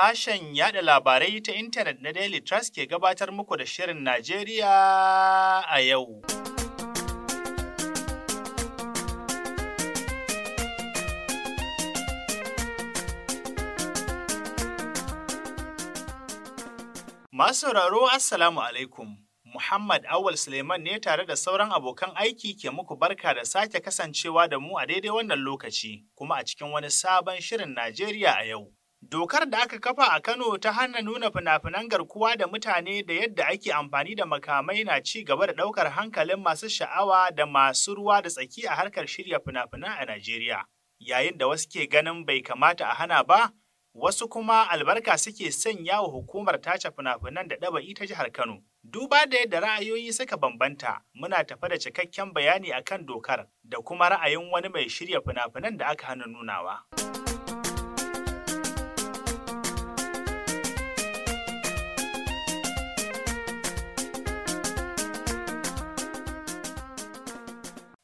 Sashen yada labarai ta intanet na Daily Trust ke gabatar muku da Shirin Najeriya a yau. Masu sauraro Assalamu alaikum. Muhammad Awal Suleiman ne tare da sauran abokan aiki ke muku barka da sake kasancewa da mu a daidai wannan lokaci, kuma a cikin wani sabon shirin Najeriya a yau. Dokar da aka kafa a Kano ta hana nuna fina-finan garkuwa da mutane da yadda ake amfani da makamai na ci gaba da ɗaukar hankalin masu sha'awa da masu ruwa da tsaki a harkar shirya fina-finan a Najeriya. Yayin da wasu ke ganin bai kamata a hana ba, wasu kuma albarka suke sanya wa hukumar tace fina-finan da ɗaba'i ta jihar Kano. Duba da yadda ra'ayoyi suka bambanta, muna tafa da cikakken bayani akan dokar da kuma ra'ayin wani mai shirya fina-finan da aka hana nunawa.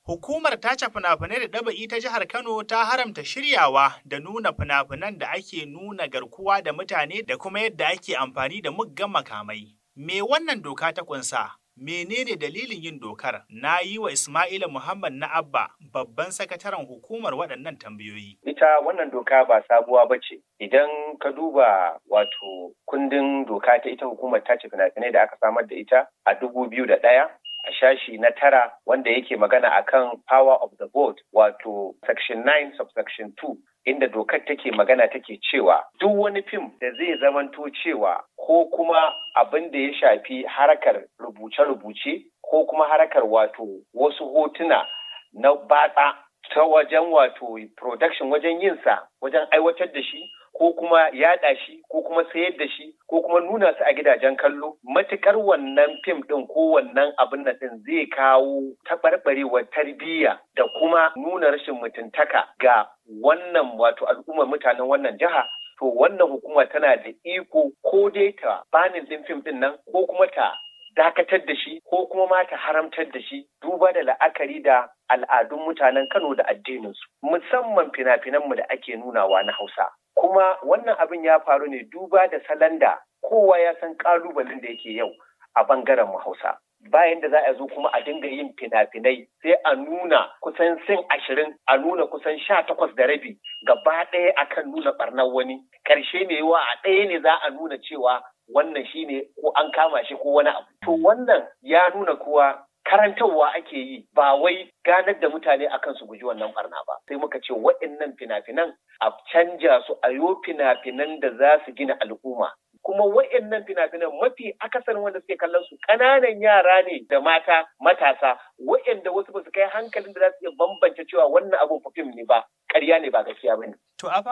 Hukumar tace fina-finai da ɗaba'i ta jihar Kano ta haramta shiryawa da nuna fina-finan da ake nuna garkuwa da mutane da kuma yadda ake amfani da muggan makamai. Me wannan doka ta kunsa? Menene dalilin yin dokar? Na yi wa Ismaila Muhammad na Abba babban sakataren hukumar waɗannan tambayoyi. Ita wannan doka ba sabuwa ba ce. Idan ka duba wato kundin doka ta ita hukumar tace fina-finai da aka samar da ita a dubu biyu da ɗaya a shashi na tara wanda yake magana akan power of the board wato section 9 subsection 2 inda dokar take magana take cewa duk wani fim da zai zamanto cewa ko kuma abin da ya shafi harkar rubuce-rubuce ko kuma harkar wato wasu hotuna na batsa ta wajen wato production wajen yin sa wajen aiwatar da shi ko kuma yaɗa shi ko kuma sayar da shi ko kuma nuna su a gidajen kallo matukar wannan fim ɗin ko wannan abin na ɗin zai kawo taɓarɓarewar tarbiyya da kuma nuna rashin mutuntaka ga wannan wato al'ummar mutanen wannan jiha to wannan hukuma tana da iko ko dai ta banin ɗin fim ɗin nan ko kuma ta dakatar da shi ko kuma ma ta haramtar da shi duba da la'akari da al'adun mutanen Kano da addininsu musamman fina-finanmu da ake nunawa na Hausa. Kuma wannan abin ya faru ne duba da salon da kowa ya san ƙalubalen da yake yau a bangaren mu Hausa. bayan da za a zo kuma a dinga yin fina-finai sai a nuna kusan sin ashirin a nuna kusan sha takwas da rabi gaba ɗaya akan nuna ɓarnar wani ƙarshe ne wa a ɗaya ne za a nuna cewa wannan shine ko an kama shi ko wani abu to wannan ya nuna kuwa karantarwa ake yi ba wai ganar da mutane akan su guji wannan barna ba sai muka ce waɗannan fina-finan a canja su a yo fina-finan da za su gina al'umma kuma wa'annan fina-finan mafi akasarin wanda suke kallon su kananan yara ne da mata matasa wa'anda wasu ba su kai hankalin da za su iya bambance cewa wannan abun fim ne ba ƙarya ne ba gaskiya ba ne. To a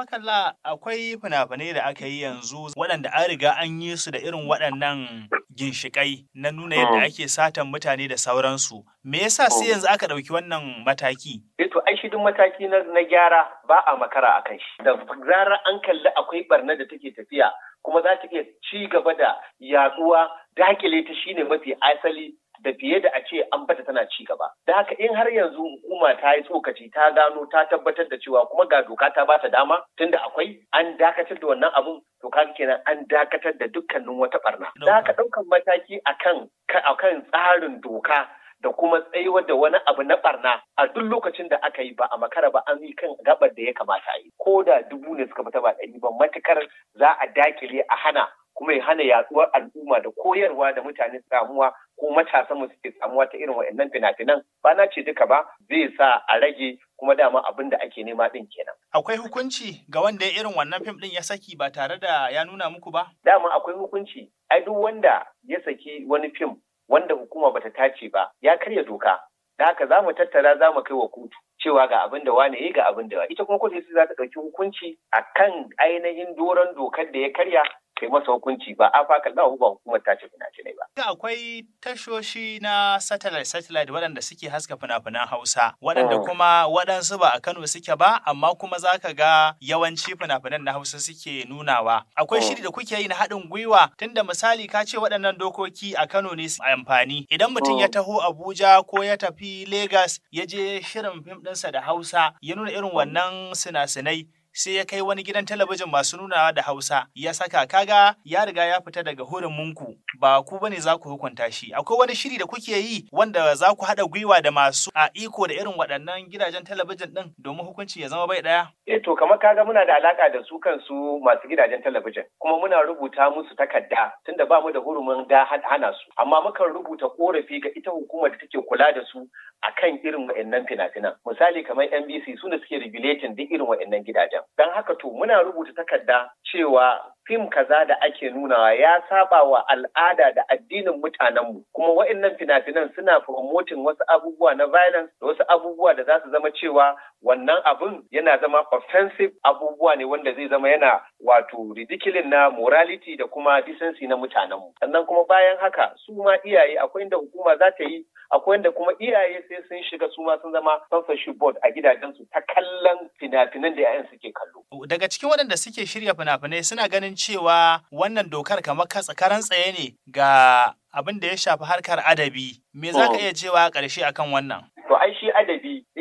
akwai fina-finai da aka yi yanzu waɗanda an riga an yi su da irin waɗannan ginshikai na nuna yadda mm. ake satan mutane da sauransu. Me yasa sai mm. yanzu aka ɗauki wannan mataki? Eto, eh ai shi duk mataki na gyara ba a makara a kan shi. Da zarar an kalli akwai barna da take tafiya kuma za ta iya ci gaba da yaduwa dakile ta shine mafi asali da fiye da a ce an bata tana ci gaba da haka in har yanzu hukuma ta yi tsokaci ta gano ta tabbatar da cewa kuma ga doka ta bata dama tunda akwai an dakatar da wannan abun to kaga kenan an dakatar da dukkanin wata barna da haka ɗaukan mataki akan akan tsarin doka da kuma tsayuwar da wani abu na barna a duk lokacin da aka yi ba a makara ba an yi kan gabar da ya kamata a yi ko da dubu ne suka fita ba ɗari ba matukar za a dakile a hana kuma ya hana yatsuwar al'umma da koyarwa da mutane samuwa ko matasan mu suke samuwa ta irin waɗannan fina-finan ba na ce duka ba zai sa a rage kuma dama abin da ake nema din kenan. Akwai hukunci ga wanda irin wannan fim din ya saki ba tare da ya nuna muku ba? Dama akwai hukunci. Ai duk wanda ya saki wani fim wanda hukuma bata tace ba ya karya doka. Da haka za mu tattara za mu kai wa kotu. cewa ga abin da wane ga abin da ita kuma kotu za ta ɗauki hukunci a kan ainihin doron dokar da ya karya kai masa hukunci ba a faka lahu ba hukumar ta ce fina-finai ba. Akwai tashoshi na satellite satellite waɗanda suke haska fina-finan Hausa waɗanda mm. kuma waɗansu ba a Kano suke ba amma kuma za ka ga yawanci fina-finan na Hausa suke nunawa. Akwai mm. shiri da kuke yi na haɗin gwiwa tunda misali ka ce waɗannan dokoki a Kano ne su amfani. Idan mutum ya mm. taho Abuja ko ya tafi Legas ya je shirin fim ɗinsa da Hausa ya nuna irin wannan sinasinai sai ya kai wani gidan talabijin masu nunawa da Hausa ya saka kaga ya riga ya fita daga hurumunku ba ku bane za ku hukunta shi akwai wani shiri da kuke yi wanda za ku haɗa gwiwa da masu a iko da irin waɗannan gidajen talabijin ɗin domin hukunci ya zama bai ɗaya. Eh to kamar kaga muna da alaka da su kansu masu gidajen talabijin kuma muna rubuta musu takarda tunda ba mu da hurumin da hana su amma mukan rubuta korafi ga ita hukumar da take kula da su akan irin waɗannan fina-finan misali kamar NBC su ne suke regulating duk irin waɗannan gidajen don haka to muna rubuta takarda cewa fim kaza da ake nunawa ya saba wa al'ada da addinin mutanenmu kuma wa'annan fina-finan suna promoting wasu abubuwa na violence da wasu abubuwa da za su zama cewa wannan abun yana zama offensive abubuwa ne wanda zai zama yana wato ridiculous na morality da kuma decency na mutanenmu sannan kuma bayan haka su ma iyaye akwai inda hukuma za ta yi akwai inda kuma iyaye sai sun shiga su ma sun zama censorship board a gidajensu ta kallon fina-finan da 'ya'yan suke kallo daga cikin waɗanda suke shirya fina-finai suna ganin ganin cewa wannan dokar kamar karan tsaye ne ga abin da ya shafi harkar adabi me za ka oh. iya cewa a ƙarshe akan wannan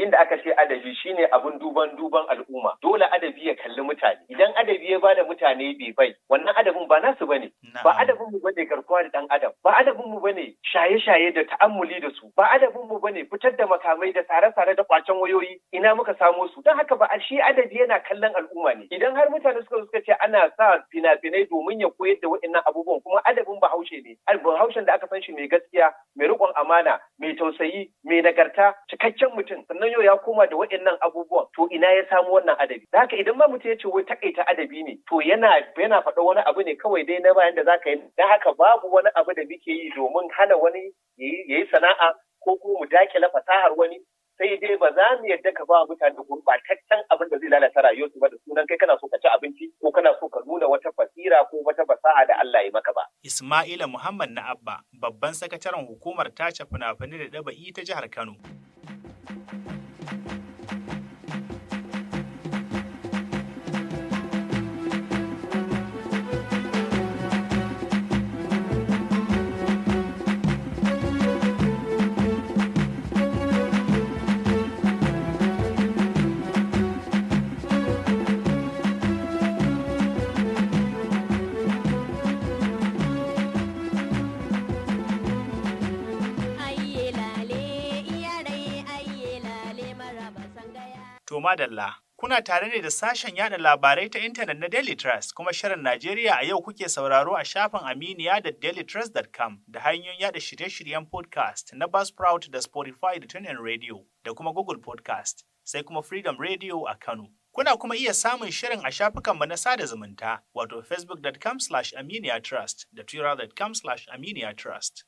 inda aka ce adabi shine abun duban duban al'umma dole adabi ya kalli mutane idan adabi ya bada mutane bai bai wannan adabin ba nasu bane ba adabin mu bane garkuwa da dan adam ba adabin mu bane shaye-shaye da ta'ammuli da su ba adabin mu bane fitar da makamai da sare-sare da kwacen wayoyi ina muka samo su don haka ba shi adabi yana kallon al'umma ne idan har mutane suka suka ce ana sa fina-finai domin ya koyar da waɗannan abubuwan kuma adabin ba haushe ne bahaushen da aka san shi mai gaskiya mai riƙon amana mai tausayi mai nagarta cikakken mutum sannan yau ya koma da waɗannan abubuwan to ina ya samu wannan adabi da haka idan ma mutum ya ce wai takaita adabi ne to yana yana faɗa wani abu ne kawai dai na bayan da zaka yi Da haka babu wani abu da muke yi domin hana wani yayi sana'a ko kuma mu dakile fasahar wani sai dai ba za mu yadda ka ba mutane gurɓataccen abin da zai lalata rayuwarsu ba da sunan kai kana so ka ci abinci ko kana so ka nuna wata fasira ko wata fasaha da Allah ya maka ba. Ismaila Muhammad na Abba babban sakataren hukumar tace fina-finai da ɗaba'i ta jihar Kano. madalla. Kuna tare ne da sashen yada labarai ta intanet na Daily Trust kuma shirin Najeriya a yau kuke sauraro a shafin Aminiya da dailytrust.com da hanyoyin yada shirye-shiryen podcast na Buzzsprout da Spotify da TuneIn Radio da kuma Google Podcast sai kuma Freedom Radio a Kano. Kuna kuma iya samun shirin a shafukanmu na sada zumunta wato facebook.com/aminiya trust da twitter.com/aminiya trust.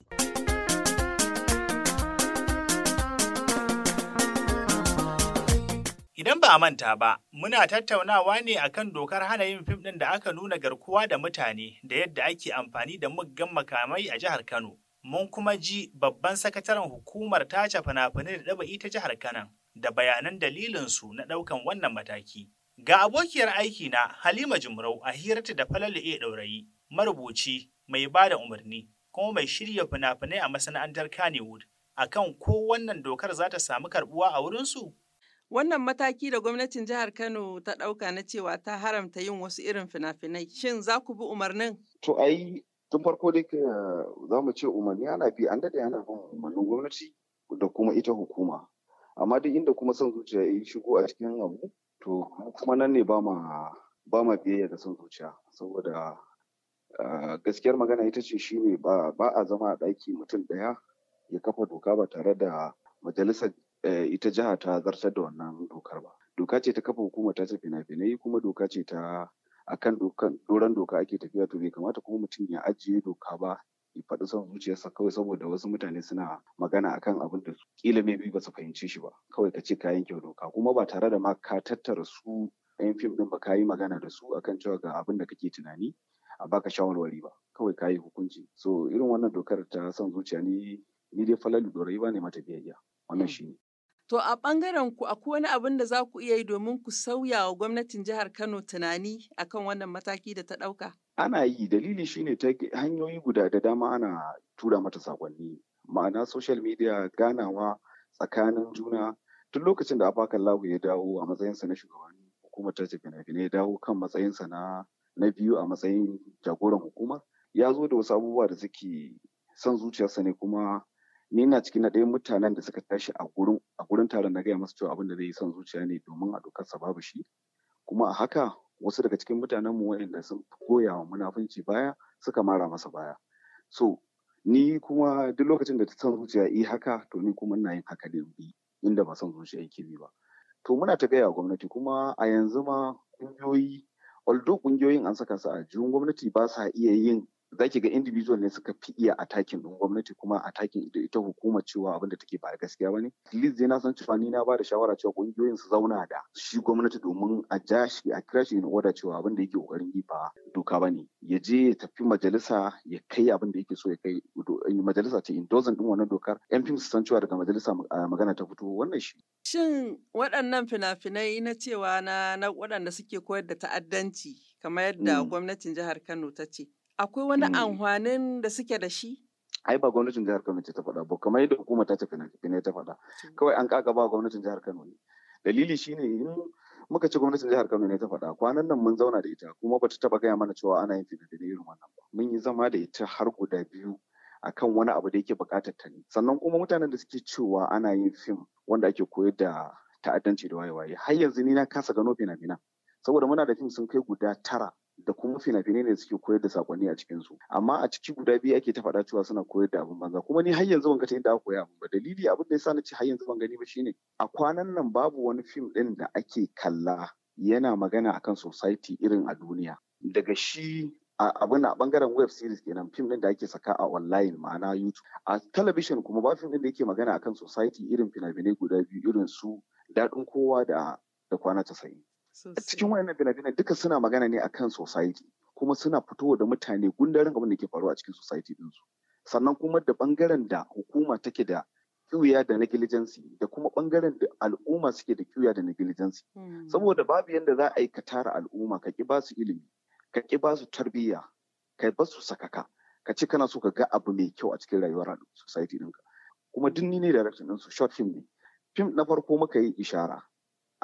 Idan ba a manta ba, muna tattaunawa ne akan dokar hana yin fim ɗin da aka nuna garkuwa da mutane da yadda ake amfani da muggan makamai a jihar Kano. Mun kuma ji babban sakataren hukumar tace fina-finai da ɗab'i ta jihar Kano da bayanan dalilinsu na ɗaukan wannan mataki. Ga abokiyar aiki na Halima Jumrau a hirarta da Falalu E Ɗaurayi, marubuci mai ba da umarni kuma mai shirya fina-finai a masana'antar Kannywood akan ko wannan dokar za ta samu karɓuwa a wurinsu? Wannan mataki da gwamnatin jihar Kano ta ɗauka na cewa ta haramta yin wasu irin fina-finai, shin za ku bi umarnin? To ai tun farko dai ka za mu ce umarni ana bi an daɗe ana bin umarnin gwamnati da kuma ita hukuma. Amma duk inda kuma son zuciya ya shigo a cikin abu, to kuma nan ne ba ma ba ma biyayya da son zuciya saboda ah, gaskiyar magana ita ce shine ba a zama a ɗaki mutum ɗaya ya kafa doka ba tare da majalisar Eh, ita jiha ta zartar da wannan dokar ba doka ce ta kafa hukuma ta ce fina-finai kuma doka ce ta akan dokan doran doka ake tafiya to bai kamata kuma mutum ya ajiye doka ba ya faɗi son zuciyarsa kawai saboda wasu mutane suna magana akan abin da su kila mai ba su fahimci shi ba kawai ka ce ka yanke doka kuma ba tare da ma ka tattara su yan fim ɗin ba ka yi magana da su akan cewa ga abin da kake tunani a baka shawarwari ba kawai ka yi hukunci so irin wannan dokar ta son zuciya ni ni dai falalu dorai ba ne mata biyayya wannan hmm. shi ne. To a ɓangaren ku akwai wani abin da za ku iya yi domin ku sauya wa gwamnatin jihar Kano tunani akan wannan mataki da ta ɗauka? Ana yi dalili shine ta hanyoyi guda da dama ana tura mata saƙonni, ma'ana social media ganawa tsakanin juna tun lokacin da abakan lagu ya dawo a matsayinsa na shugaban hukumar tace fina-finai ya dawo kan matsayinsa na na biyu a matsayin jagoran hukumar ya zo da wasu abubuwa da suke son zuciyarsa ne kuma ni ina cikin na ɗaya mutanen da suka tashi a gurin a gurin taron na gaya masu cewa abin da zai yi son zuciya ne domin a sa babu shi kuma a haka wasu daga cikin mutanen mu waɗanda sun koya wa munafunci baya suka mara masa baya so ni kuma duk lokacin da ta son zuciya yi haka to ni kuma ina yin haka ne bi inda ba son zuciya yake bi ba to muna ta gaya gwamnati kuma a yanzu ma ƙungiyoyi although ƙungiyoyin an saka su a jihun gwamnati ba sa iya yin za ki ga individual ne suka fi iya attacking ɗin gwamnati kuma attacking da ita hukuma cewa abin da take ba gaskiya ba ne. least dai na san cewa ni na ba da shawara cewa ƙungiyoyin su zauna da shi gwamnati domin a ja shi a kira shi in order cewa abin da yake ƙoƙarin yi ba doka bane. Ya je ya tafi majalisa ya kai abin da yake so ya kai eh, majalisa ce in dozen ɗin wannan dokar. Yan su san cewa daga majalisa magana ta fito wannan shi. Shin waɗannan fina-finai na cewa na waɗanda suke koyar da ta'addanci kamar yadda hmm. gwamnatin jihar Kano ta ce. Akwai wani mm. amfanin da suke da shi? Ai ba gwamnatin jihar Kano ce ta faɗa ba kamar yadda hukuma ta tafi ne ta faɗa. Kawai an kaka ba gwamnatin jihar Kano ne. Dalili shine in muka ci gwamnatin jihar Kano ne ta faɗa kwanan nan mun zauna da ita kuma bata taɓa gaya mana cewa ana yin fina da irin wannan ba. Mun yi zama da ita har guda biyu a kan wani abu da yake buƙatar ta ne. Sannan kuma mutanen da suke cewa ana yin fim wanda ake koyar da ta'addanci da wayewaye har yanzu ni na kasa gano fina fina Saboda muna da fim sun kai guda tara da kuma fina-finai ne suke koyar da sakonni a cikin amma a ciki guda biyu ake ta faɗa cewa suna koyar da abin banza kuma ni har yanzu ban ga ta yadda aka koya ba dalili abin da yasa na ce har yanzu ban gani ba shine a kwanan nan babu wani fim ɗin da ake kalla yana magana akan society irin a duniya daga shi abin a bangaren web series kenan fim ɗin da ake saka a online ma'ana youtube a television kuma ba fim ɗin da yake magana akan society irin fina-finai guda biyu irin su daɗin kowa da da kwana casa'in cikin wayannan fina-finan duka suna magana ne akan society kuma suna fitowa da mutane gundarin abin da ke faruwa a cikin society dinsu sannan kuma da bangaren da hukuma take da kiwiya da negligence da kuma bangaren da al'umma suke da kiwiya da negligence hmm. saboda babu yadda za a yi ka tara al'umma ka ki ba su ilimi ka ki ba su tarbiyya ka ba su sakaka ka ce kana so ka ga abu mai kyau a cikin rayuwar society dinka kuma duk ni ne direction ɗinsu short film ne film na farko muka yi ishara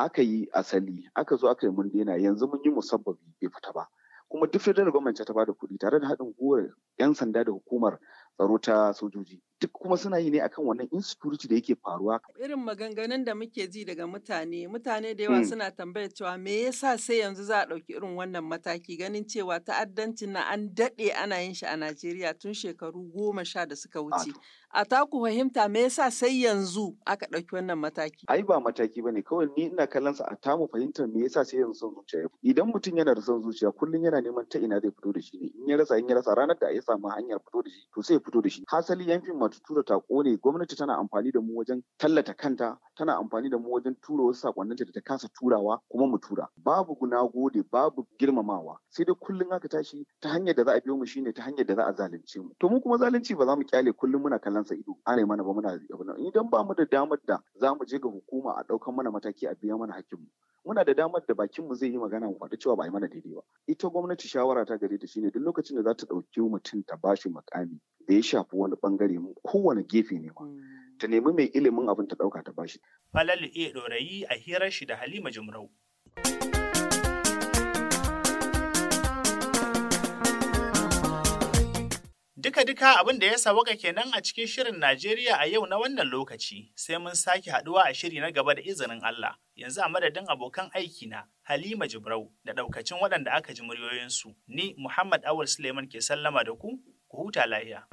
aka yi asali aka zo aka yi mun daina yanzu mun yi musabbabi bai fita ba kuma duk federal government ta bada kuɗi tare da haɗin gwiwar 'yan sanda da hukumar tsaro ta sojoji duk kuma suna yi ne akan wannan insecurity da yake faruwa. Irin maganganun da muke ji daga mutane, mutane da yawa hmm. suna tambayar cewa me yasa sai yanzu za a ɗauki irin wannan mataki ganin cewa ta'addancin na an daɗe ana yin shi a Najeriya tun shekaru goma sha da suka wuce. A taku fahimta me yasa sai yanzu aka ɗauki wannan mataki? Ai ba mataki ba ne kawai ni ina kallon sa a tamu fahimtar me yasa sai yanzu son zuciya. Idan mutum yana da son zuciya kullum yana neman ta ina zai fito da shi ne in ya rasa in ya rasa ranar da ya samu hanyar fito da shi to sai ya fito da shi. Hasali yan Wata tura ta kone gwamnati tana amfani da mu wajen tallata kanta tana amfani da mu wajen tura wasu sakonninta da ta kasa turawa kuma mu tura babu guna gode babu girmamawa sai dai kullum aka tashi ta hanyar da za a biyo mu shine ta hanyar da za a zalunce mu to mu kuma zalunci ba za mu kyale kullun muna kallon sa ido ana mana ba muna idan ba mu da damar da za mu je ga hukuma a ɗaukan mana mataki a biya mana hakkin mu muna da damar da bakin mu zai yi magana mu kwata cewa ba yi mana daidai ba ita gwamnati shawara ta gare ta shine duk lokacin da za ta ɗauki mutum ta bashi makami da ya shafi wani bangare mu kowane gefe ne ma hmm. ta nemi mai ilimin abin ta dauka ta bashi falalu iya dorayi a hirar shi da halima jimrau Duka-duka abin da ya sawaka kenan a cikin shirin Najeriya a yau na wannan lokaci, sai mun sake haduwa a shiri na gaba da izinin Allah. Yanzu a madadin abokan aiki na Halima Jibrau da daukacin waɗanda aka ji muryoyinsu, ni Muhammad Awul Suleiman ke sallama da ku, kukutshala ya